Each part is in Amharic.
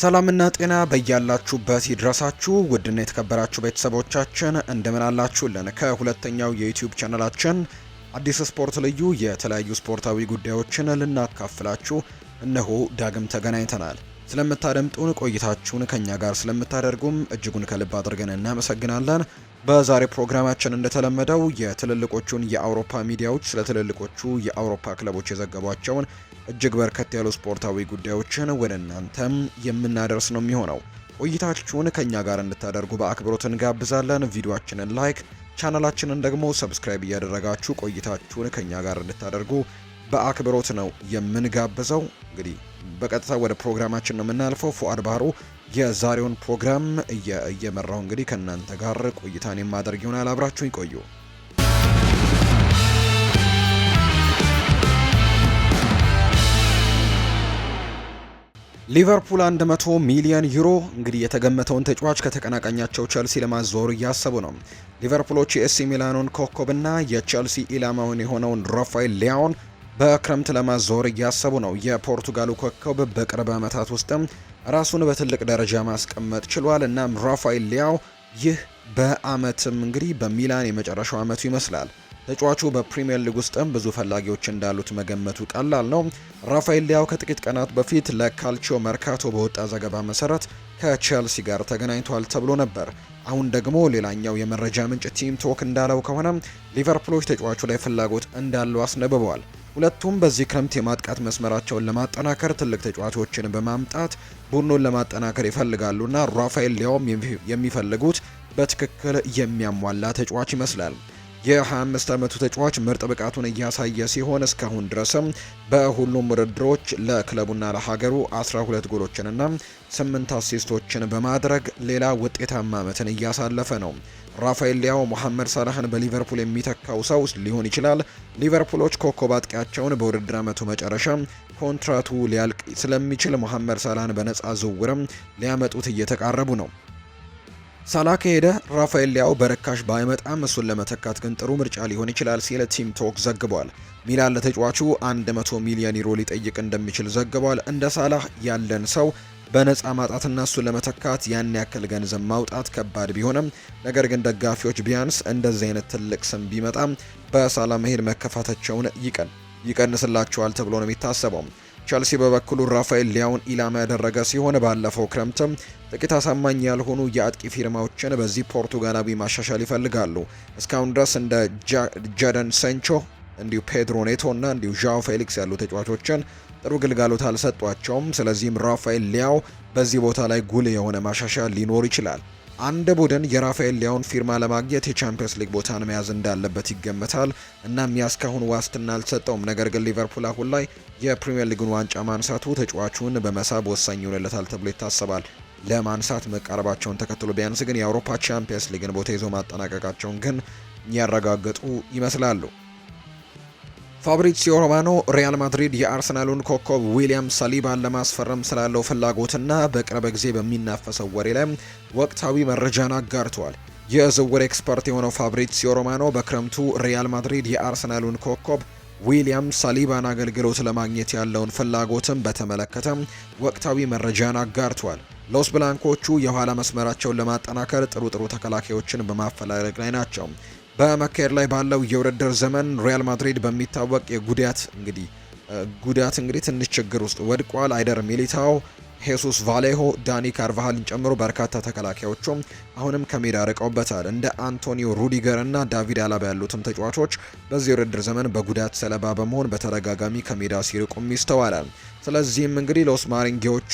ሰላምና ጤና በያላችሁበት ይድረሳችሁ ውድና የተከበራችሁ ቤተሰቦቻችን እንደምን አላችሁልን? ከሁለተኛው የዩቲዩብ ቻናላችን አዲስ ስፖርት ልዩ የተለያዩ ስፖርታዊ ጉዳዮችን ልናካፍላችሁ እነሆ ዳግም ተገናኝተናል። ስለምታደምጡን ቆይታችሁን ከኛ ጋር ስለምታደርጉም እጅጉን ከልብ አድርገን እናመሰግናለን። በዛሬ ፕሮግራማችን እንደተለመደው የትልልቆቹን የአውሮፓ ሚዲያዎች ስለ ትልልቆቹ የአውሮፓ ክለቦች የዘገቧቸውን እጅግ በርከት ያሉ ስፖርታዊ ጉዳዮችን ወደ እናንተም የምናደርስ ነው የሚሆነው። ቆይታችሁን ከእኛ ጋር እንድታደርጉ በአክብሮት እንጋብዛለን። ቪዲዮችንን ላይክ፣ ቻናላችንን ደግሞ ሰብስክራይብ እያደረጋችሁ ቆይታችሁን ከእኛ ጋር እንድታደርጉ በአክብሮት ነው የምንጋብዘው። እንግዲህ በቀጥታ ወደ ፕሮግራማችን ነው የምናልፈው። ፉአድ ባህሩ የዛሬውን ፕሮግራም እየመራው እንግዲህ ከእናንተ ጋር ቆይታን የማደርግ ይሆናል። አብራችሁን ይቆዩ። ሊቨርፑል 100 ሚሊዮን ዩሮ እንግዲህ የተገመተውን ተጫዋች ከተቀናቃኛቸው ቸልሲ ለማዛወር እያሰቡ ነው። ሊቨርፑሎች የኤሲ ሚላኑን ኮከብና የቸልሲ ኢላማውን የሆነውን ራፋኤል ሊያውን በክረምት ለማዘወር እያሰቡ ነው። የፖርቱጋሉ ኮከብ በቅርብ ዓመታት ውስጥም ራሱን በትልቅ ደረጃ ማስቀመጥ ችሏል። እናም ራፋኤል ሊያው ይህ በአመትም እንግዲህ በሚላን የመጨረሻው አመቱ ይመስላል። ተጫዋቹ በፕሪምየር ሊግ ውስጥም ብዙ ፈላጊዎች እንዳሉት መገመቱ ቀላል ነው። ራፋኤል ሊያው ከጥቂት ቀናት በፊት ለካልቺዮ መርካቶ በወጣ ዘገባ መሰረት ከቼልሲ ጋር ተገናኝቷል ተብሎ ነበር። አሁን ደግሞ ሌላኛው የመረጃ ምንጭ ቲም ቶክ እንዳለው ከሆነ ሊቨርፑሎች ተጫዋቹ ላይ ፍላጎት እንዳለው አስነብበዋል። ሁለቱም በዚህ ክረምት የማጥቃት መስመራቸውን ለማጠናከር ትልቅ ተጫዋቾችን በማምጣት ቡድኑን ለማጠናከር ይፈልጋሉና ራፋኤል ሊያውም የሚፈልጉት በትክክል የሚያሟላ ተጫዋች ይመስላል። የ25 ዓመቱ ተጫዋች ምርጥ ብቃቱን እያሳየ ሲሆን እስካሁን ድረስም በሁሉም ውድድሮች ለክለቡና ለሀገሩ 12 ጎሎችንና 8 አሲስቶችን በማድረግ ሌላ ውጤታማ ዓመትን እያሳለፈ ነው። ራፋኤል ሊያው ሞሐመድ ሳላህን በሊቨርፑል የሚተካው ሰው ሊሆን ይችላል። ሊቨርፑሎች ኮከብ አጥቂያቸውን በውድድር ዓመቱ መጨረሻ ኮንትራቱ ሊያልቅ ስለሚችል ሞሐመድ ሳላህን በነፃ ዝውውርም ሊያመጡት እየተቃረቡ ነው። ሳላ ከሄደ ራፋኤል ሊያው በርካሽ ባይመጣም እሱን ለመተካት ግን ጥሩ ምርጫ ሊሆን ይችላል ሲል ቲም ቶክ ዘግቧል። ሚላን ለተጫዋቹ 100 ሚሊዮን ዩሮ ሊጠይቅ እንደሚችል ዘግቧል። እንደ ሳላህ ያለን ሰው በነፃ ማጣትና እሱን ለመተካት ያን ያክል ገንዘብ ማውጣት ከባድ ቢሆንም ነገር ግን ደጋፊዎች ቢያንስ እንደዚህ አይነት ትልቅ ስም ቢመጣም በሳላ መሄድ መከፋታቸውን ይቀን ይቀንስላቸዋል ተብሎ ነው የሚታሰበው። ቸልሲ በበኩሉ ራፋኤል ሊያውን ኢላማ ያደረገ ሲሆን ባለፈው ክረምትም ጥቂት አሳማኝ ያልሆኑ የአጥቂ ፊርማዎችን በዚህ ፖርቱጋላዊ ማሻሻል ይፈልጋሉ። እስካሁን ድረስ እንደ ጃደን ሰንቾ እንዲሁ ፔድሮ ኔቶ እና እንዲሁ ዣው ፌሊክስ ያሉ ተጫዋቾችን ጥሩ ግልጋሎት አልሰጧቸውም። ስለዚህም ራፋኤል ሊያው በዚህ ቦታ ላይ ጉል የሆነ ማሻሻል ሊኖር ይችላል። አንድ ቡድን የራፋኤል ሊያውን ፊርማ ለማግኘት የቻምፒየንስ ሊግ ቦታን መያዝ እንዳለበት ይገመታል። እናም ያስካሁን ዋስትና አልሰጠውም። ነገር ግን ሊቨርፑል አሁን ላይ የፕሪምየር ሊግን ዋንጫ ማንሳቱ ተጫዋቹን በመሳብ ወሳኝ ይሆንለታል ተብሎ ይታሰባል። ለማንሳት መቃረባቸውን ተከትሎ ቢያንስ ግን የአውሮፓ ቻምፒየንስ ሊግን ቦታ ይዞ ማጠናቀቃቸውን ግን ያረጋገጡ ይመስላሉ። ፋብሪሲዮ ሮማኖ ሪያል ማድሪድ የአርሰናሉን ኮከብ ዊሊያም ሳሊባን ለማስፈረም ስላለው ፍላጎትና በቅርብ ጊዜ በሚናፈሰው ወሬ ላይ ወቅታዊ መረጃን አጋርተዋል። የዝውውር ኤክስፐርት የሆነው ፋብሪሲዮ ሮማኖ በክረምቱ ሪያል ማድሪድ የአርሰናሉን ኮከብ ዊሊያም ሳሊባን አገልግሎት ለማግኘት ያለውን ፍላጎትም በተመለከተ ወቅታዊ መረጃን አጋርቷል። ሎስ ብላንኮቹ የኋላ መስመራቸውን ለማጠናከር ጥሩ ጥሩ ተከላካዮችን በማፈላለግ ላይ ናቸው። በመካሄድ ላይ ባለው የውድድር ዘመን ሪያል ማድሪድ በሚታወቅ የጉዳት እንግዲህ ጉዳት እንግዲህ ትንሽ ችግር ውስጥ ወድቋል። አይደር ሚሊታው፣ ሄሱስ ቫሌሆ፣ ዳኒ ካርቫሃልን ጨምሮ በርካታ ተከላካዮቹም አሁንም ከሜዳ ርቀውበታል። እንደ አንቶኒዮ ሩዲገር እና ዳቪድ አላባ ያሉትም ተጫዋቾች በዚህ የውድድር ዘመን በጉዳት ሰለባ በመሆን በተደጋጋሚ ከሜዳ ሲርቁም ይስተዋላል። ስለዚህም እንግዲህ ሎስ ማሪንጌዎቹ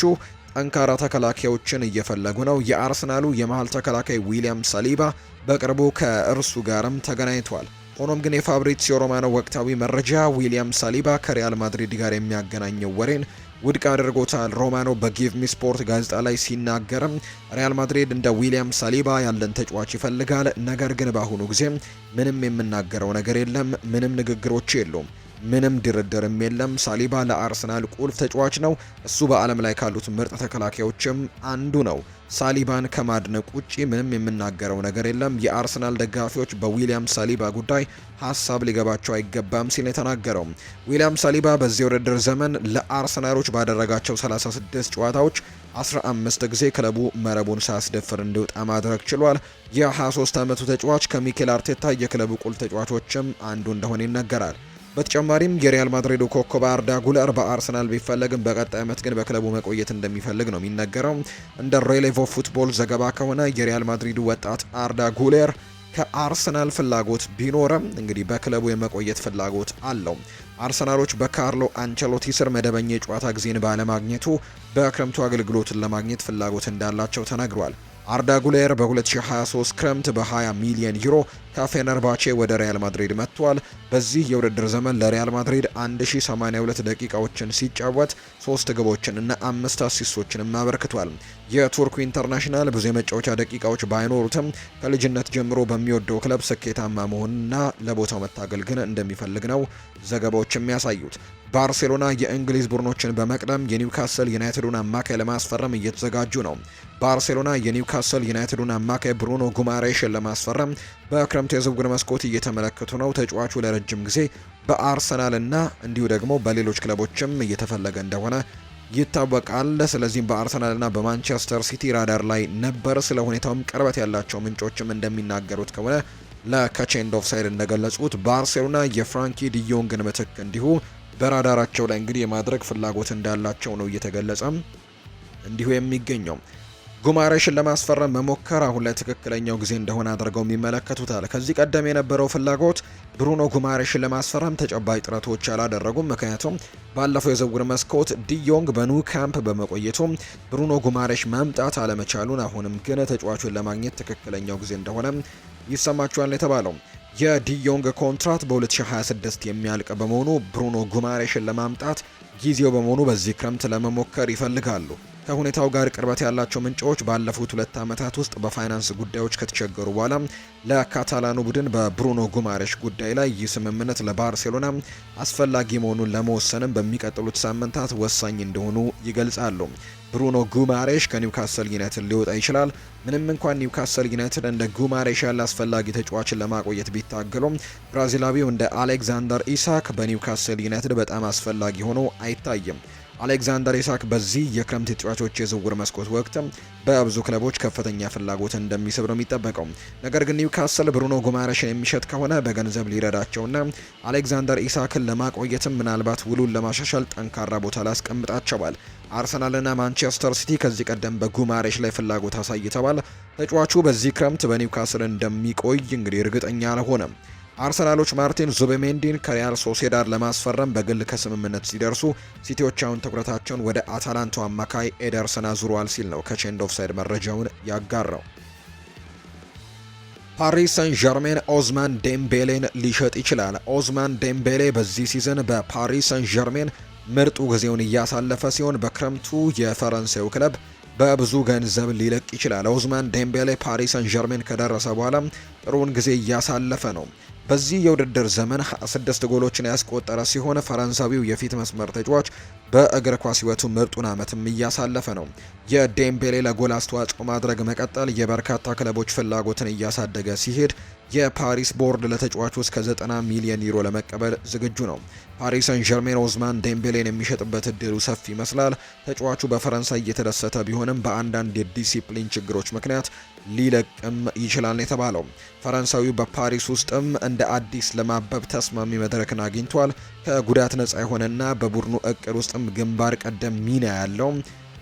ጠንካራ ተከላካዮችን እየፈለጉ ነው። የአርሰናሉ የመሀል ተከላካይ ዊሊያም ሳሊባ በቅርቡ ከእርሱ ጋርም ተገናኝቷል። ሆኖም ግን የፋብሪሲዮ ሮማኖ ወቅታዊ መረጃ ዊሊያም ሳሊባ ከሪያል ማድሪድ ጋር የሚያገናኘው ወሬን ውድቅ አድርጎታል። ሮማኖ በጊቭ ሚ ስፖርት ጋዜጣ ላይ ሲናገርም ሪያል ማድሪድ እንደ ዊሊያም ሳሊባ ያለን ተጫዋች ይፈልጋል፣ ነገር ግን በአሁኑ ጊዜ ምንም የምናገረው ነገር የለም፣ ምንም ንግግሮች የሉም ምንም ድርድርም የለም። ሳሊባ ለአርሰናል ቁልፍ ተጫዋች ነው። እሱ በዓለም ላይ ካሉት ምርጥ ተከላካዮችም አንዱ ነው። ሳሊባን ከማድነቅ ውጪ ምንም የምናገረው ነገር የለም። የአርሰናል ደጋፊዎች በዊሊያም ሳሊባ ጉዳይ ሀሳብ ሊገባቸው አይገባም ሲል የተናገረው ዊሊያም ሳሊባ በዚህ ውድድር ዘመን ለአርሰናሎች ባደረጋቸው 36 ጨዋታዎች 15 ጊዜ ክለቡ መረቡን ሳያስደፍር እንዲወጣ ማድረግ ችሏል። የ23 ዓመቱ ተጫዋች ከሚኬል አርቴታ የክለቡ ቁልፍ ተጫዋቾችም አንዱ እንደሆነ ይነገራል። በተጨማሪም የሪያል ማድሪዱ ኮከብ አርዳ ጉለር በአርሰናል ቢፈለግም በቀጣይ ዓመት ግን በክለቡ መቆየት እንደሚፈልግ ነው የሚነገረው። እንደ ሬሌቮ ፉትቦል ዘገባ ከሆነ የሪያል ማድሪዱ ወጣት አርዳ ጉሌር ከአርሰናል ፍላጎት ቢኖረም እንግዲህ በክለቡ የመቆየት ፍላጎት አለው። አርሰናሎች በካርሎ አንቸሎቲ ስር መደበኛ የጨዋታ ጊዜን ባለማግኘቱ በክረምቱ አገልግሎትን ለማግኘት ፍላጎት እንዳላቸው ተነግሯል። አርዳ ጉሌር በ2023 ክረምት በ20 ሚሊዮን ዩሮ ከፌነርባቼ ወደ ሪያል ማድሪድ መጥቷል። በዚህ የውድድር ዘመን ለሪያል ማድሪድ 1082 ደቂቃዎችን ሲጫወት ሶስት ግቦችን እና አምስት አሲስቶችንም አበርክቷል። የቱርኩ ኢንተርናሽናል ብዙ የመጫወቻ ደቂቃዎች ባይኖሩትም ከልጅነት ጀምሮ በሚወደው ክለብ ስኬታማ መሆንና ለቦታው መታገል ግን እንደሚፈልግ ነው ዘገባዎች የሚያሳዩት። ባርሴሎና የእንግሊዝ ቡድኖችን በመቅደም የኒውካስል ዩናይትዱን አማካይ ለማስፈረም እየተዘጋጁ ነው። ባርሴሎና የኒውካስል ዩናይትዱን አማካይ ብሩኖ ጉማሬሽን ለማስፈረም በክረምት የዝውውር መስኮት እየተመለከቱ ነው። ተጫዋቹ ለረጅም ጊዜ በአርሰናልና እንዲሁ ደግሞ በሌሎች ክለቦችም እየተፈለገ እንደሆነ ይታወቃል። ስለዚህም በአርሰናልና በማንቸስተር ሲቲ ራዳር ላይ ነበር። ስለ ሁኔታውም ቅርበት ያላቸው ምንጮችም እንደሚናገሩት ከሆነ ለከቼንድ ሳይድ እንደገለጹት ባርሴሎና የፍራንኪ ዲዮንግን ምትክ እንዲሁ በራዳራቸው ላይ እንግዲህ የማድረግ ፍላጎት እንዳላቸው ነው እየተገለጸም እንዲሁ የሚገኘው። ጉማሬሽን ለማስፈረም መሞከር አሁን ላይ ትክክለኛው ጊዜ እንደሆነ አድርገው የሚመለከቱታል። ከዚህ ቀደም የነበረው ፍላጎት ብሩኖ ጉማሬሽን ለማስፈረም ተጨባጭ ጥረቶች አላደረጉም። ምክንያቱም ባለፈው የዝውውር መስኮት ዲዮንግ በኑ ካምፕ በመቆየቱ ብሩኖ ጉማሬሽ መምጣት አለመቻሉን፣ አሁንም ግን ተጫዋቹን ለማግኘት ትክክለኛው ጊዜ እንደሆነ ይሰማቸዋል የተባለው የዲዮንግ ኮንትራት በ2026 የሚያልቅ በመሆኑ ብሩኖ ጉማሬሽን ለማምጣት ጊዜው በመሆኑ በዚህ ክረምት ለመሞከር ይፈልጋሉ። ከሁኔታው ጋር ቅርበት ያላቸው ምንጮች ባለፉት ሁለት ዓመታት ውስጥ በፋይናንስ ጉዳዮች ከተቸገሩ በኋላ ለካታላኑ ቡድን በብሩኖ ጉማሬሽ ጉዳይ ላይ ይህ ስምምነት ለባርሴሎና አስፈላጊ መሆኑን ለመወሰንም በሚቀጥሉት ሳምንታት ወሳኝ እንደሆኑ ይገልጻሉ። ብሩኖ ጉማሬሽ ከኒውካስል ዩናይትድ ሊወጣ ይችላል። ምንም እንኳን ኒውካስል ዩናይትድ እንደ ጉማሬሽ ያለ አስፈላጊ ተጫዋችን ለማቆየት ቢታገሉም ብራዚላዊው እንደ አሌክዛንደር ኢሳክ በኒውካስል ዩናይትድ በጣም አስፈላጊ ሆኖ አይ አይታይም። አሌክዛንደር ኢሳክ በዚህ የክረምት ተጫዋቾች የዝውውር መስኮት ወቅት በብዙ ክለቦች ከፍተኛ ፍላጎት እንደሚስብ ነው የሚጠበቀው። ነገር ግን ኒውካስል ብሩኖ ጉማረሽን የሚሸጥ ከሆነ በገንዘብ ሊረዳቸውና አሌክዛንደር ኢሳክን ለማቆየትም ምናልባት ውሉን ለማሻሻል ጠንካራ ቦታ ላስቀምጣቸዋል። አርሰናልና ማንቸስተር ሲቲ ከዚህ ቀደም በጉማሬሽ ላይ ፍላጎት አሳይተዋል። ተጫዋቹ በዚህ ክረምት በኒውካስል እንደሚቆይ እንግዲህ እርግጠኛ አልሆነም። አርሰናሎች ማርቲን ዙቤሜንዲን ከሪያል ሶሴዳድ ለማስፈረም በግል ከስምምነት ሲደርሱ ሲቲዎቻውን ትኩረታቸውን ወደ አታላንታው አማካይ ኤደርሰን አዙረዋል ሲል ነው ከቼንድ ኦፍሳይድ መረጃውን ያጋራው። ፓሪስ ሰን ዠርሜን ኦዝማን ዴምቤሌን ሊሸጥ ይችላል። ኦዝማን ዴምቤሌ በዚህ ሲዝን በፓሪስ ሰን ዠርሜን ምርጡ ጊዜውን እያሳለፈ ሲሆን በክረምቱ የፈረንሳዩ ክለብ በብዙ ገንዘብ ሊለቅ ይችላል። ኦዝማን ዴምቤሌ ፓሪስ ሰን ዠርሜን ከደረሰ በኋላ ጥሩውን ጊዜ እያሳለፈ ነው። በዚህ የውድድር ዘመን 26 ጎሎችን ያስቆጠረ ሲሆን ፈረንሳዊው የፊት መስመር ተጫዋች በእግር ኳስ ህይወቱ ምርጡን ዓመትም እያሳለፈ ነው። የዴምቤሌ ለጎል አስተዋጽኦ ማድረግ መቀጠል የበርካታ ክለቦች ፍላጎትን እያሳደገ ሲሄድ የፓሪስ ቦርድ ለተጫዋቹ እስከ 90 ሚሊዮን ዩሮ ለመቀበል ዝግጁ ነው። ፓሪስ ሰን ዠርሜን ኦዝማን ዴምቤሌን የሚሸጥበት እድሉ ሰፊ ይመስላል። ተጫዋቹ በፈረንሳይ እየተደሰተ ቢሆንም በአንዳንድ የዲሲፕሊን ችግሮች ምክንያት ሊለቅም ይችላል ነው የተባለው። ፈረንሳዊው በፓሪስ ውስጥም እንደ አዲስ ለማበብ ተስማሚ መድረክን አግኝቷል። ከጉዳት ነጻ የሆነና በቡድኑ እቅድ ውስጥም ግንባር ቀደም ሚና ያለው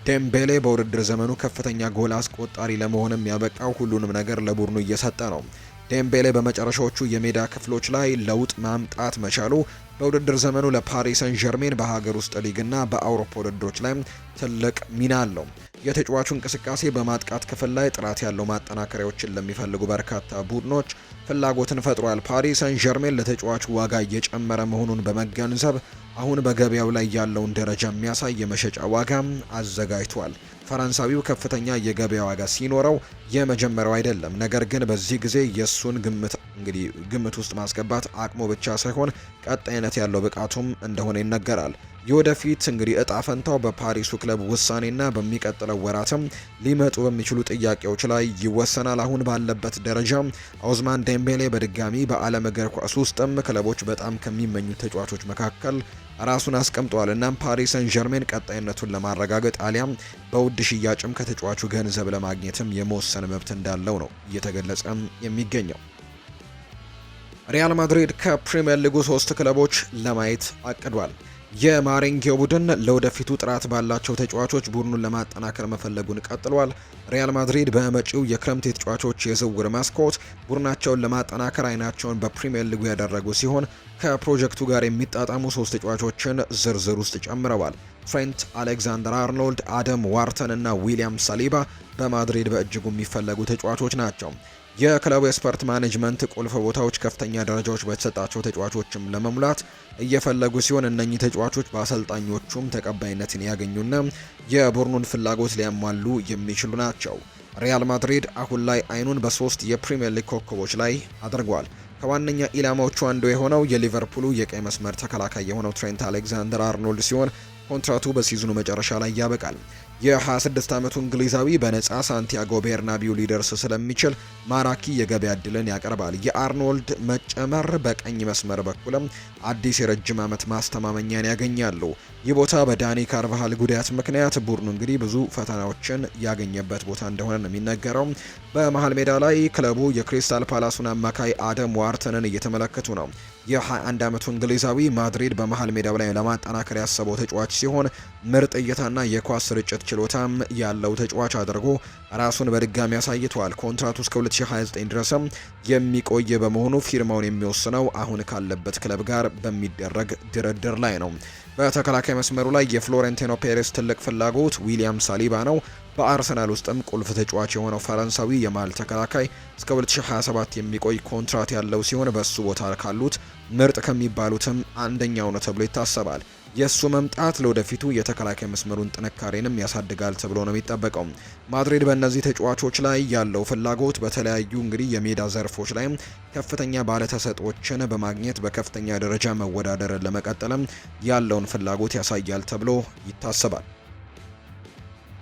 ዴምቤሌ በውድድር ዘመኑ ከፍተኛ ጎል አስቆጣሪ ለመሆንም ያበቃው ሁሉንም ነገር ለቡድኑ እየሰጠ ነው። ዴምቤሌ በመጨረሻዎቹ የሜዳ ክፍሎች ላይ ለውጥ ማምጣት መቻሉ በውድድር ዘመኑ ለፓሪስ ሰን ዠርሜን በሀገር ውስጥ ሊግና በአውሮፓ ውድድሮች ላይ ትልቅ ሚና አለው። የተጫዋቹ እንቅስቃሴ በማጥቃት ክፍል ላይ ጥራት ያለው ማጠናከሪያዎችን ለሚፈልጉ በርካታ ቡድኖች ፍላጎትን ፈጥሯል። ፓሪስ ሰን ዠርሜን ለተጫዋቹ ዋጋ እየጨመረ መሆኑን በመገንዘብ አሁን በገበያው ላይ ያለውን ደረጃ የሚያሳይ የመሸጫ ዋጋ አዘጋጅቷል። ፈረንሳዊው ከፍተኛ የገበያ ዋጋ ሲኖረው የመጀመሪያው አይደለም። ነገር ግን በዚህ ጊዜ የእሱን ግምት እንግዲህ ግምት ውስጥ ማስገባት አቅሙ ብቻ ሳይሆን ቀጣይነት ያለው ብቃቱም እንደሆነ ይነገራል። የወደፊት እንግዲህ እጣ ፈንታው በፓሪሱ ክለብ ውሳኔና በሚቀጥለው ወራትም ሊመጡ በሚችሉ ጥያቄዎች ላይ ይወሰናል። አሁን ባለበት ደረጃ ኦዝማን ዴምቤሌ በድጋሚ በዓለም እግር ኳስ ውስጥም ክለቦች በጣም ከሚመኙት ተጫዋቾች መካከል ራሱን አስቀምጧል። እናም ፓሪስ ሰን ዠርሜን ቀጣይነቱን ለማረጋገጥ አሊያም በውድ ሽያጭም ከተጫዋቹ ገንዘብ ለማግኘትም የመወሰን መብት እንዳለው ነው እየተገለጸ የሚገኘው። ሪያል ማድሪድ ከፕሪምየር ሊጉ ሶስት ክለቦች ለማየት አቅዷል። የማሬንጌው ቡድን ለወደፊቱ ጥራት ባላቸው ተጫዋቾች ቡድኑን ለማጠናከር መፈለጉን ቀጥሏል። ሪያል ማድሪድ በመጪው የክረምት የተጫዋቾች የዝውውር መስኮት ቡድናቸውን ለማጠናከር አይናቸውን በፕሪምየር ሊጉ ያደረጉ ሲሆን ከፕሮጀክቱ ጋር የሚጣጣሙ ሶስት ተጫዋቾችን ዝርዝር ውስጥ ጨምረዋል። ትሬንት አሌክዛንደር አርኖልድ፣ አደም ዋርተን እና ዊሊያም ሳሊባ በማድሪድ በእጅጉ የሚፈለጉ ተጫዋቾች ናቸው። የክለቡ የስፖርት ማኔጅመንት ቁልፍ ቦታዎች ከፍተኛ ደረጃዎች በተሰጣቸው ተጫዋቾችም ለመሙላት እየፈለጉ ሲሆን እነኚህ ተጫዋቾች በአሰልጣኞቹም ተቀባይነትን ያገኙና የቡድኑን ፍላጎት ሊያሟሉ የሚችሉ ናቸው። ሪያል ማድሪድ አሁን ላይ አይኑን በሶስት የፕሪምየር ሊግ ኮከቦች ላይ አድርጓል። ከዋነኛ ኢላማዎቹ አንዱ የሆነው የሊቨርፑሉ የቀይ መስመር ተከላካይ የሆነው ትሬንት አሌክዛንደር አርኖልድ ሲሆን ኮንትራቱ በሲዝኑ መጨረሻ ላይ ያበቃል። የ26 ዓመቱ እንግሊዛዊ በነፃ ሳንቲያጎ ቤርናቢው ሊደርስ ስለሚችል ማራኪ የገበያ እድልን ያቀርባል። የአርኖልድ መጨመር በቀኝ መስመር በኩልም አዲስ የረጅም ዓመት ማስተማመኛን ያገኛሉ። ይህ ቦታ በዳኒ ካርቫሃል ጉዳት ምክንያት ቡድኑ እንግዲህ ብዙ ፈተናዎችን ያገኘበት ቦታ እንደሆነ ነው የሚነገረው። በመሀል ሜዳ ላይ ክለቡ የክሪስታል ፓላሱን አማካይ አደም ዋርተንን እየተመለከቱ ነው። የ21 ዓመቱ እንግሊዛዊ ማድሪድ በመሃል ሜዳው ላይ ለማጠናከር ያሰበው ተጫዋች ሲሆን ምርጥ እይታና የኳስ ስርጭት ችሎታም ያለው ተጫዋች አድርጎ ራሱን በድጋሚ አሳይቷል። ኮንትራቱ እስከ 2029 ድረስም የሚቆይ በመሆኑ ፊርማውን የሚወስነው አሁን ካለበት ክለብ ጋር በሚደረግ ድርድር ላይ ነው። በተከላካይ መስመሩ ላይ የፍሎሬንቲኖ ፔሬስ ትልቅ ፍላጎት ዊሊያም ሳሊባ ነው። በአርሰናል ውስጥም ቁልፍ ተጫዋች የሆነው ፈረንሳዊ የማል ተከላካይ እስከ 2027 የሚቆይ ኮንትራት ያለው ሲሆን በእሱ ቦታ ካሉት ምርጥ ከሚባሉትም አንደኛው ነው ተብሎ ይታሰባል። የእሱ መምጣት ለወደፊቱ የተከላካይ መስመሩን ጥንካሬንም ያሳድጋል ተብሎ ነው የሚጠበቀው። ማድሪድ በእነዚህ ተጫዋቾች ላይ ያለው ፍላጎት በተለያዩ እንግዲህ የሜዳ ዘርፎች ላይ ከፍተኛ ባለተሰጦችን በማግኘት በከፍተኛ ደረጃ መወዳደርን ለመቀጠልም ያለውን ፍላጎት ያሳያል ተብሎ ይታሰባል።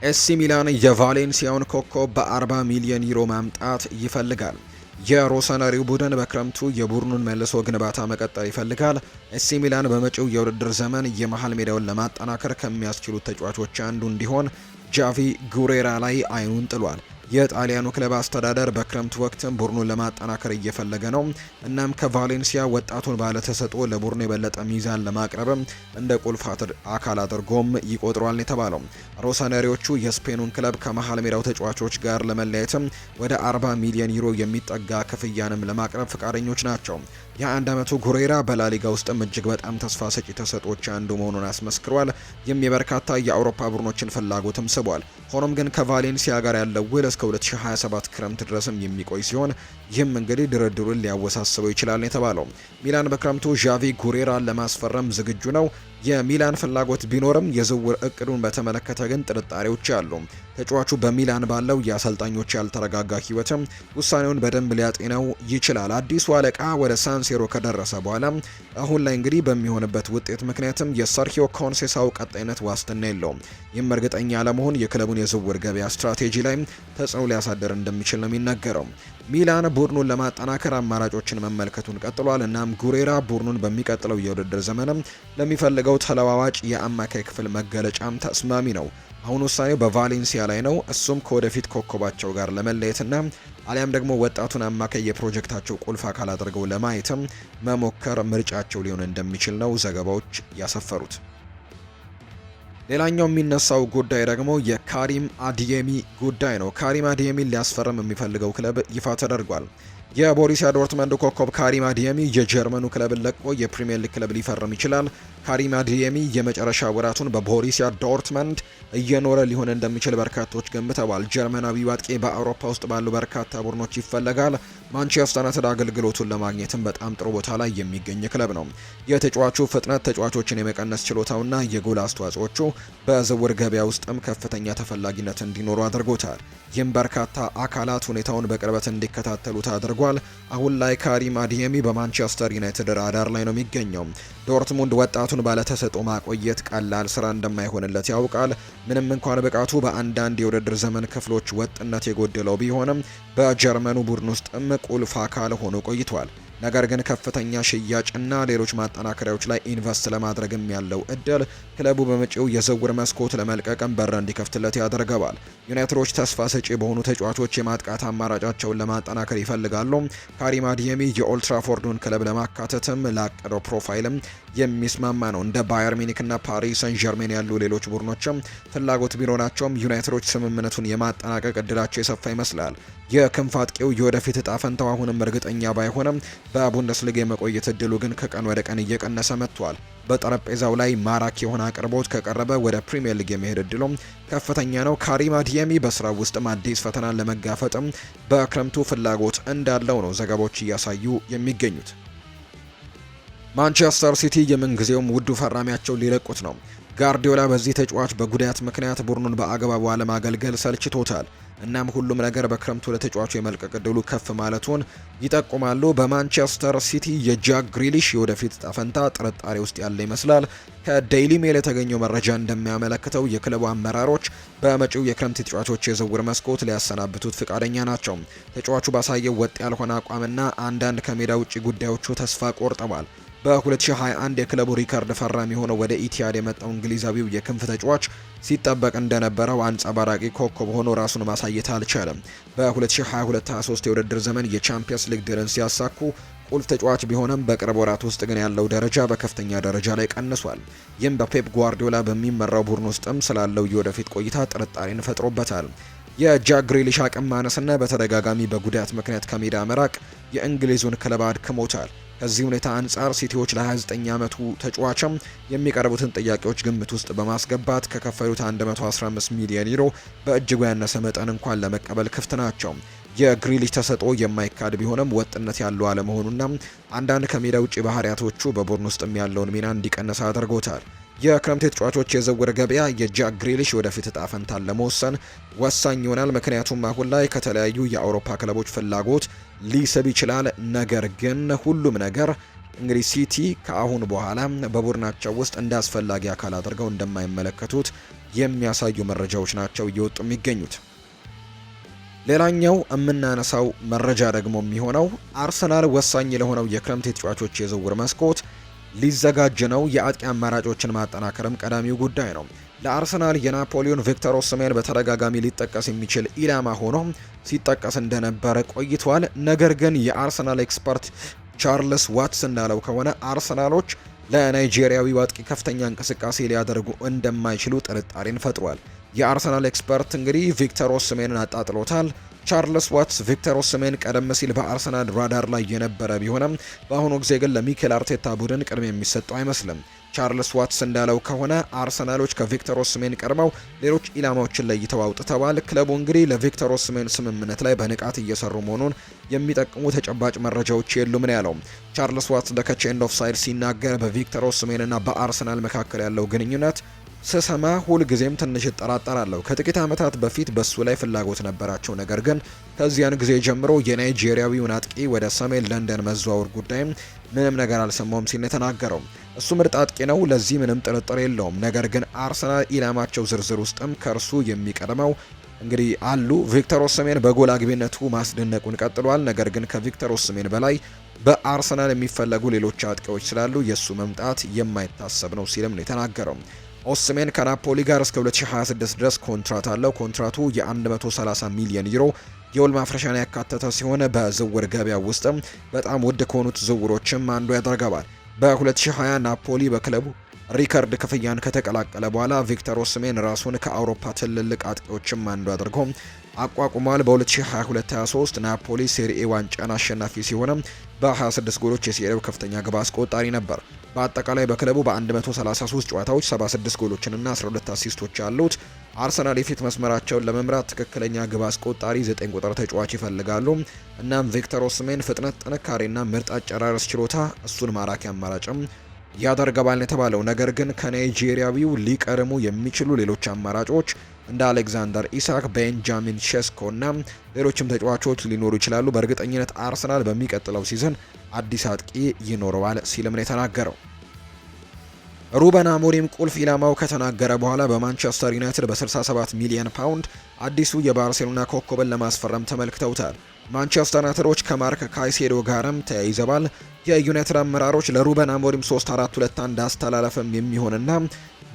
ኤሲ ሚላን የቫሌንሲያውን ኮከብ በ40 ሚሊዮን ዩሮ ማምጣት ይፈልጋል። የሮሰነሪው ቡድን በክረምቱ የቡድኑን መልሶ ግንባታ መቀጠል ይፈልጋል። ኤሲ ሚላን በመጪው የውድድር ዘመን የመሃል ሜዳውን ለማጠናከር ከሚያስችሉት ተጫዋቾች አንዱ እንዲሆን ጃቪ ጉሬራ ላይ አይኑን ጥሏል። የጣሊያኑ ክለብ አስተዳደር በክረምት ወቅትም ቡድኑን ለማጠናከር እየፈለገ ነው። እናም ከቫሌንሲያ ወጣቱን ባለተሰጥኦ ለቡድኑ የበለጠ ሚዛን ለማቅረብም እንደ ቁልፍ አካል አድርጎም ይቆጥሯል የተባለው ሮሳነሪዎቹ የስፔኑን ክለብ ከመሀል ሜዳው ተጫዋቾች ጋር ለመለያየትም ወደ 40 ሚሊዮን ዩሮ የሚጠጋ ክፍያንም ለማቅረብ ፈቃደኞች ናቸው። የአንድ ዓመቱ ጉሬራ በላሊጋ ውስጥም እጅግ በጣም ተስፋ ሰጪ ተሰጦች አንዱ መሆኑን አስመስክሯል። ይህም የበርካታ የአውሮፓ ቡድኖችን ፍላጎትም ስቧል። ሆኖም ግን ከቫሌንሲያ ጋር ያለው ውል እስከ 2027 ክረምት ድረስም የሚቆይ ሲሆን ይህም እንግዲህ ድርድሩን ሊያወሳስበው ይችላል የተባለው ሚላን በክረምቱ ዣቪ ጉሬራን ለማስፈረም ዝግጁ ነው። የሚላን ፍላጎት ቢኖርም የዝውውር እቅዱን በተመለከተ ግን ጥርጣሬዎች አሉ። ተጫዋቹ በሚላን ባለው የአሰልጣኞች ያልተረጋጋ ህይወትም ውሳኔውን በደንብ ሊያጤነው ይችላል። አዲሱ አለቃ ወደ ሳንሴሮ ከደረሰ በኋላ አሁን ላይ እንግዲህ በሚሆንበት ውጤት ምክንያትም የሰርሂዮ ኮንሴሳው ቀጣይነት ዋስትና የለውም። ይህም እርግጠኛ ለመሆን የክለቡን የዝውውር ገበያ ስትራቴጂ ላይ ተጽዕኖ ሊያሳደር እንደሚችል ነው የሚነገረው። ሚላን ቡድኑን ለማጠናከር አማራጮችን መመልከቱን ቀጥሏል። እናም ጉሬራ ቡድኑን በሚቀጥለው የውድድር ዘመንም ለሚፈልገው ተለዋዋጭ የአማካይ ክፍል መገለጫም ተስማሚ ነው። አሁን ውሳኔው በቫሌንሲያ ላይ ነው። እሱም ከወደፊት ኮከባቸው ጋር ለመለየትና አሊያም ደግሞ ወጣቱን አማካይ የፕሮጀክታቸው ቁልፍ አካል አድርገው ለማየትም መሞከር ምርጫቸው ሊሆን እንደሚችል ነው ዘገባዎች ያሰፈሩት። ሌላኛው የሚነሳው ጉዳይ ደግሞ የካሪም አዲየሚ ጉዳይ ነው። ካሪም አዲየሚን ሊያስፈርም የሚፈልገው ክለብ ይፋ ተደርጓል። የቦሪሲያ ዶርትመንድ ኮከብ ካሪም አዲየሚ የጀርመኑ ክለብን ለቆ የፕሪምየር ሊግ ክለብ ሊፈርም ይችላል። ካሪም አዲየሚ የመጨረሻ ወራቱን በቦሪሲያ ዶርትመንድ እየኖረ ሊሆን እንደሚችል በርካቶች ገምተዋል። ጀርመናዊ አጥቂ በአውሮፓ ውስጥ ባሉ በርካታ ቡድኖች ይፈለጋል። ማንቸስተር ዩናይትድ አገልግሎቱን ለማግኘትም በጣም ጥሩ ቦታ ላይ የሚገኝ ክለብ ነው። የተጫዋቹ ፍጥነት፣ ተጫዋቾችን የመቀነስ ችሎታውና የጎል አስተዋጽኦቹ በዝውውር ገበያ ውስጥም ከፍተኛ ተፈላጊነት እንዲኖሩ አድርጎታል። ይህም በርካታ አካላት ሁኔታውን በቅርበት እንዲከታተሉት አድርጎ አድርጓል። አሁን ላይ ካሪም አዲየሚ በማንቸስተር ዩናይትድ ራዳር ላይ ነው የሚገኘው። ዶርትሙንድ ወጣቱን ባለተሰጦ ማቆየት ቀላል ስራ እንደማይሆንለት ያውቃል። ምንም እንኳን ብቃቱ በአንዳንድ የውድድር ዘመን ክፍሎች ወጥነት የጎደለው ቢሆንም በጀርመኑ ቡድን ውስጥም ቁልፍ አካል ሆኖ ቆይቷል። ነገር ግን ከፍተኛ ሽያጭና ሌሎች ማጠናከሪያዎች ላይ ኢንቨስት ለማድረግም ያለው እድል ክለቡ በመጪው የዝውውር መስኮት ለመልቀቅም በር እንዲከፍትለት ያደርገዋል። ዩናይትዶች ተስፋ ሰጪ በሆኑ ተጫዋቾች የማጥቃት አማራጫቸውን ለማጠናከር ይፈልጋሉ። ካሪም አዲየሚ የኦልትራፎርዱን ክለብ ለማካተትም ላቀደው ፕሮፋይልም የሚስማማ ነው። እንደ ባየር ሚኒክና ፓሪስ ሰን ዠርሜን ያሉ ሌሎች ቡድኖችም ፍላጎት ቢኖራቸውም ዩናይትዶች ስምምነቱን የማጠናቀቅ እድላቸው የሰፋ ይመስላል። የክንፍ አጥቂው የወደፊት እጣ ፈንታው አሁንም እርግጠኛ ባይሆንም በቡንደስሊጋ የመቆየት እድሉ ግን ከቀን ወደ ቀን እየቀነሰ መጥቷል። በጠረጴዛው ላይ ማራኪ የሆነ አቅርቦት ከቀረበ ወደ ፕሪምየር ሊግ የመሄድ እድሉም ከፍተኛ ነው። ካሪም አዲየሚ በስራው ውስጥም አዲስ ፈተናን ለመጋፈጥም በክረምቱ ፍላጎት እንዳለው ነው ዘገባዎች እያሳዩ የሚገኙት። ማንቸስተር ሲቲ የምንጊዜውም ውዱ ፈራሚያቸው ሊለቁት ነው። ጋርዲዮላ በዚህ ተጫዋች በጉዳት ምክንያት ቡድኑን በአግባቡ አለማገልገል ሰልችቶታል። እናም ሁሉም ነገር በክረምቱ ለተጫዋቹ የመልቀቅ ከፍ ማለቱን ይጠቁማሉ። በማንቸስተር ሲቲ የጃክ ግሪሊሽ የወደፊት ጣፈንታ ጥርጣሬ ውስጥ ያለ ይመስላል። ከዴይሊ ሜል የተገኘው መረጃ እንደሚያመለክተው የክለቡ አመራሮች በመጪው የክረምት ተጫዋቾች የዝውውር መስኮት ሊያሰናብቱት ፍቃደኛ ናቸው። ተጫዋቹ ባሳየው ወጥ ያልሆነ አቋምና አንዳንድ ከሜዳ ውጭ ጉዳዮቹ ተስፋ ቆርጠዋል። በ2021 የክለቡ ሪከርድ ፈራሚ ሆኖ ወደ ኢቲያድ የመጣው እንግሊዛዊው የክንፍ ተጫዋች ሲጠበቅ እንደነበረው አንጸባራቂ ኮከብ ሆኖ ራሱን ማሳየት አልቻለም። በ2022/23 የውድድር ዘመን የቻምፒየንስ ሊግ ድልን ሲያሳኩ ቁልፍ ተጫዋች ቢሆንም በቅርብ ወራት ውስጥ ግን ያለው ደረጃ በከፍተኛ ደረጃ ላይ ቀንሷል። ይህም በፔፕ ጓርዲዮላ በሚመራው ቡድን ውስጥም ስላለው የወደፊት ቆይታ ጥርጣሬን ፈጥሮበታል። የጃክ ግሪሊሽ አቅም ማነስና በተደጋጋሚ በጉዳት ምክንያት ከሜዳ መራቅ የእንግሊዙን ክለብ አድክሞታል። ከዚህ ሁኔታ አንጻር ሲቲዎች ለ29 ዓመቱ ተጫዋችም የሚቀርቡትን ጥያቄዎች ግምት ውስጥ በማስገባት ከከፈሉት 115 ሚሊዮን ዩሮ በእጅጉ ያነሰ መጠን እንኳን ለመቀበል ክፍት ናቸው። የግሪሊሽ ተሰጥኦ የማይካድ ቢሆንም ወጥነት ያለው አለመሆኑና አንዳንድ ከሜዳ ውጭ ባህሪያቶቹ በቡድን ውስጥም ያለውን ሚና እንዲቀንስ አድርጎታል። የክረምት ተጫዋቾች የዝውውር ገበያ የጃክ ግሪሊሽ ወደፊት እጣ ፈንታን ለመወሰን ወሳኝ ይሆናል። ምክንያቱም አሁን ላይ ከተለያዩ የአውሮፓ ክለቦች ፍላጎት ሊስብ ይችላል። ነገር ግን ሁሉም ነገር እንግዲህ ሲቲ ከአሁን በኋላ በቡድናቸው ውስጥ እንደ አስፈላጊ አካል አድርገው እንደማይመለከቱት የሚያሳዩ መረጃዎች ናቸው እየወጡ የሚገኙት። ሌላኛው የምናነሳው መረጃ ደግሞ የሚሆነው አርሰናል ወሳኝ ለሆነው የክረምት የተጫዋቾች የዝውውር መስኮት ሊዘጋጅ ነው። የአጥቂ አማራጮችን ማጠናከርም ቀዳሚው ጉዳይ ነው። ለአርሰናል የናፖሊዮን ቪክተር ኦስሜን በተደጋጋሚ ሊጠቀስ የሚችል ኢላማ ሆኖ ሲጠቀስ እንደነበረ ቆይቷል። ነገር ግን የአርሰናል ኤክስፐርት ቻርልስ ዋትስ እንዳለው ከሆነ አርሰናሎች ለናይጄሪያዊ አጥቂ ከፍተኛ እንቅስቃሴ ሊያደርጉ እንደማይችሉ ጥርጣሬን ፈጥሯል። የአርሰናል ኤክስፐርት እንግዲህ ቪክተር ኦስሜንን አጣጥሎታል። ቻርልስ ዋትስ ቪክተር ኦስሜን ቀደም ሲል በአርሰናል ራዳር ላይ የነበረ ቢሆንም በአሁኑ ጊዜ ግን ለሚኬል አርቴታ ቡድን ቅድሚያ የሚሰጠው አይመስልም። ቻርልስ ዋትስ እንዳለው ከሆነ አርሰናሎች ከቪክተር ኦስሜን ቀድመው ሌሎች ኢላማዎችን ለይተው አውጥተዋል። ክለቡ እንግዲህ ለቪክተር ኦስሜን ስምምነት ላይ በንቃት እየሰሩ መሆኑን የሚጠቅሙ ተጨባጭ መረጃዎች የሉም ነው ያለው። ቻርልስ ዋትስ ኤንድ ኦፍ ሳይድ ሲናገር በቪክተር ኦስሜንና በአርሰናል መካከል ያለው ግንኙነት ስሰማ ሁልጊዜም ትንሽ እጠራጠራለሁ። ከጥቂት ዓመታት በፊት በሱ ላይ ፍላጎት ነበራቸው፣ ነገር ግን ከዚያን ጊዜ ጀምሮ የናይጄሪያዊውን አጥቂ ወደ ሰሜን ለንደን መዘዋወር ጉዳይም ምንም ነገር አልሰማውም ሲል የተናገረው እሱ ምርጥ አጥቂ ነው፣ ለዚህ ምንም ጥርጥር የለውም። ነገር ግን አርሰናል ኢላማቸው ዝርዝር ውስጥም ከእርሱ የሚቀድመው እንግዲህ አሉ። ቪክተር ኦስሜን በጎል አግቢነቱ ማስደነቁን ቀጥሏል። ነገር ግን ከቪክተር ኦስሜን በላይ በአርሰናል የሚፈለጉ ሌሎች አጥቂዎች ስላሉ የእሱ መምጣት የማይታሰብ ነው ሲልም ነው የተናገረው። ኦስሜን ከናፖሊ ጋር እስከ 2026 ድረስ ኮንትራት አለው። ኮንትራቱ የ130 ሚሊዮን ዩሮ የውል ማፍረሻን ያካተተ ሲሆን በዝውውር ገበያ ውስጥም በጣም ውድ ከሆኑት ዝውውሮችም አንዱ ያደርገዋል። በ2020 ናፖሊ በክለቡ ሪከርድ ክፍያን ከተቀላቀለ በኋላ ቪክተር ኦስሜን ራሱን ከአውሮፓ ትልልቅ አጥቂዎችም አንዱ አድርጎ አቋቁሟል። በ2022/23 ናፖሊ ሴሪኤ ዋንጫን አሸናፊ ሲሆንም በ26 ጎሎች የሴሪኤው ከፍተኛ ግብ አስቆጣሪ ነበር። በአጠቃላይ በክለቡ በ133 ጨዋታዎች 76 ጎሎችንና 12 አሲስቶች ያሉት አርሰናል የፊት መስመራቸውን ለመምራት ትክክለኛ ግብ አስቆጣሪ 9 ቁጥር ተጫዋች ይፈልጋሉ። እናም ቪክተር ኦስሜን ፍጥነት፣ ጥንካሬና ምርጥ አጨራረስ ችሎታ እሱን ማራኪ አማራጭም ያደርገባል የተባለው። ነገር ግን ከናይጄሪያዊው ሊቀርሙ የሚችሉ ሌሎች አማራጮች እንደ አሌክዛንደር ኢሳክ፣ ቤንጃሚን ሼስኮ እና ሌሎችም ተጫዋቾች ሊኖሩ ይችላሉ። በእርግጠኝነት አርሰናል በሚቀጥለው ሲዝን አዲስ አጥቂ ይኖረዋል ሲልም ነው የተናገረው። ሩበን አሞሪም ቁልፍ ኢላማው ከተናገረ በኋላ በማንቸስተር ዩናይትድ በ67 ሚሊዮን ፓውንድ አዲሱ የባርሴሎና ኮከብን ለማስፈረም ተመልክተውታል። ማንቸስተር ዩናይትዶች ከማርክ ካይሴዶ ጋርም ተያይዘዋል። የዩናይትድ አመራሮች ለሩበን አሞሪም 3-4-2-1 አስተላለፍም የሚሆንና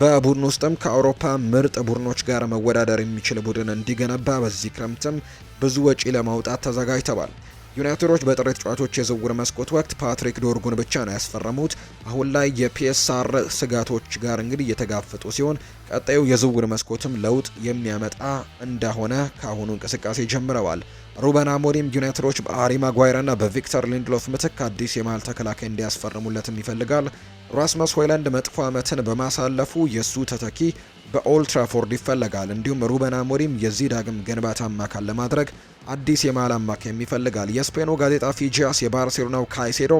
በቡድን ውስጥም ከአውሮፓ ምርጥ ቡድኖች ጋር መወዳደር የሚችል ቡድን እንዲገነባ በዚህ ክረምትም ብዙ ወጪ ለማውጣት ተዘጋጅተዋል። ዩናይትዶች በጥሬ ተጫዋቾች የዝውውር መስኮት ወቅት ፓትሪክ ዶርጉን ብቻ ነው ያስፈረሙት። አሁን ላይ የፒኤስአር ስጋቶች ጋር እንግዲህ እየተጋፈጡ ሲሆን ቀጣዩ የዝውውር መስኮትም ለውጥ የሚያመጣ እንደሆነ ከአሁኑ እንቅስቃሴ ጀምረዋል። ሩበን አሞሪም ዩናይትዶች በአሪ ማጓይርና በቪክተር ሊንድሎፍ ምትክ አዲስ የመሀል ተከላካይ እንዲያስፈርሙለትም ይፈልጋል። ራስመስ ሆይላንድ መጥፎ ዓመትን በማሳለፉ የእሱ ተተኪ በኦልትራፎርድ ይፈለጋል። እንዲሁም ሩበን አሞሪም የዚህ ዳግም ግንባታ አማካል ለማድረግ አዲስ የመሃል አማካይም ይፈልጋል። የስፔኑ ጋዜጣ ፊጂያስ የባርሴሎናው ካይሴዶ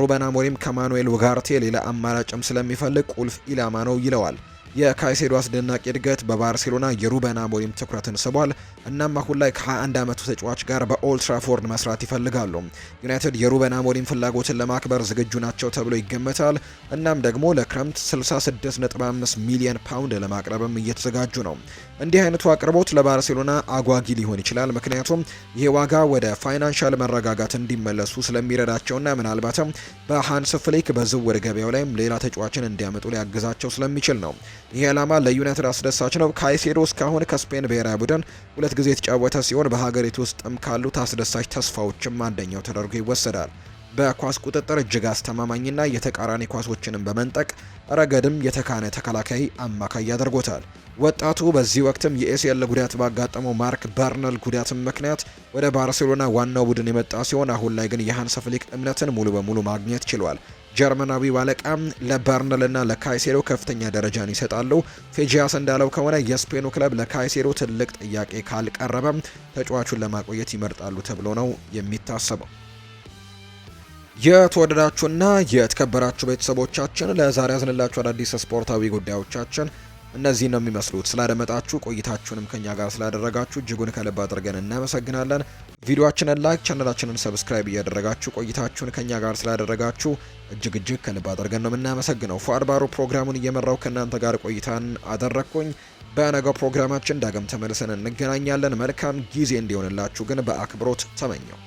ሩበን አሞሪም ከማኑኤል ውጋርቴ ሌላ አማራጭም ስለሚፈልግ ቁልፍ ኢላማ ነው ይለዋል። የካይሴዶ አስደናቂ እድገት በባርሴሎና የሩበን አሞሪም ትኩረትን ስቧል። እናም አሁን ላይ ከ21 ዓመቱ ተጫዋች ጋር በኦልትራፎርድ መስራት ይፈልጋሉ። ዩናይትድ የሩበን አሞሪም ፍላጎትን ለማክበር ዝግጁ ናቸው ተብሎ ይገመታል። እናም ደግሞ ለክረምት 66.5 ሚሊዮን ፓውንድ ለማቅረብም እየተዘጋጁ ነው። እንዲህ አይነቱ አቅርቦት ለባርሴሎና አጓጊ ሊሆን ይችላል፣ ምክንያቱም ይህ ዋጋ ወደ ፋይናንሻል መረጋጋት እንዲመለሱ ስለሚረዳቸውና ምናልባትም በሃንስ ፍሌክ በዝውውር ገበያው ላይም ሌላ ተጫዋችን እንዲያመጡ ሊያግዛቸው ስለሚችል ነው። ይህ ዓላማ ለዩናይትድ አስደሳች ነው። ካይሴዶ እስካሁን ከስፔን ብሔራዊ ቡድን ሁለት ጊዜ የተጫወተ ሲሆን በሀገሪቱ ውስጥም ካሉት አስደሳች ተስፋዎችም አንደኛው ተደርጎ ይወሰዳል። በኳስ ቁጥጥር እጅግ አስተማማኝና የተቃራኒ ኳሶችንም በመንጠቅ ረገድም የተካነ ተከላካይ አማካይ ያደርጎታል። ወጣቱ በዚህ ወቅትም የኤሲኤል ጉዳት ባጋጠመው ማርክ በርነል ጉዳትም ምክንያት ወደ ባርሴሎና ዋናው ቡድን የመጣ ሲሆን አሁን ላይ ግን የሃንስ ፍሊክ እምነትን ሙሉ በሙሉ ማግኘት ችሏል። ጀርመናዊ አለቃ ለበርንልና ለካይሴሮ ከፍተኛ ደረጃን ይሰጣሉ። ፌጂያስ እንዳለው ከሆነ የስፔኑ ክለብ ለካይሴሮ ትልቅ ጥያቄ ካልቀረበም ተጫዋቹን ለማቆየት ይመርጣሉ ተብሎ ነው የሚታሰበው። የተወደዳችሁና የተከበራችሁ ቤተሰቦቻችን ለዛሬ ያዝንላችሁ አዳዲስ ስፖርታዊ ጉዳዮቻችን እነዚህ ነው የሚመስሉት። ስላደመጣችሁ ቆይታችሁንም ከኛ ጋር ስላደረጋችሁ እጅጉን ከልብ አድርገን እናመሰግናለን። ቪዲዮአችንን ላይክ፣ ቻናላችንን ሰብስክራይብ እያደረጋችሁ ቆይታችሁን ከኛ ጋር ስላደረጋችሁ እጅግ እጅግ ከልብ አድርገን ነው የምናመሰግነው። ፏአድባሩ ፕሮግራሙን እየመራው ከእናንተ ጋር ቆይታን አደረግኩኝ። በነገው ፕሮግራማችን ዳግም ተመልሰን እንገናኛለን። መልካም ጊዜ እንዲሆንላችሁ ግን በአክብሮት ተመኘው።